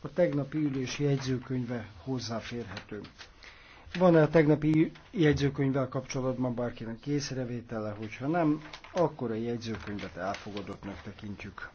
a tegnapi ülés jegyzőkönyve hozzáférhető. Van-e a tegnapi jegyzőkönyvvel kapcsolatban bárkinek készrevétele, hogyha nem, akkor a jegyzőkönyvet elfogadottnak tekintjük.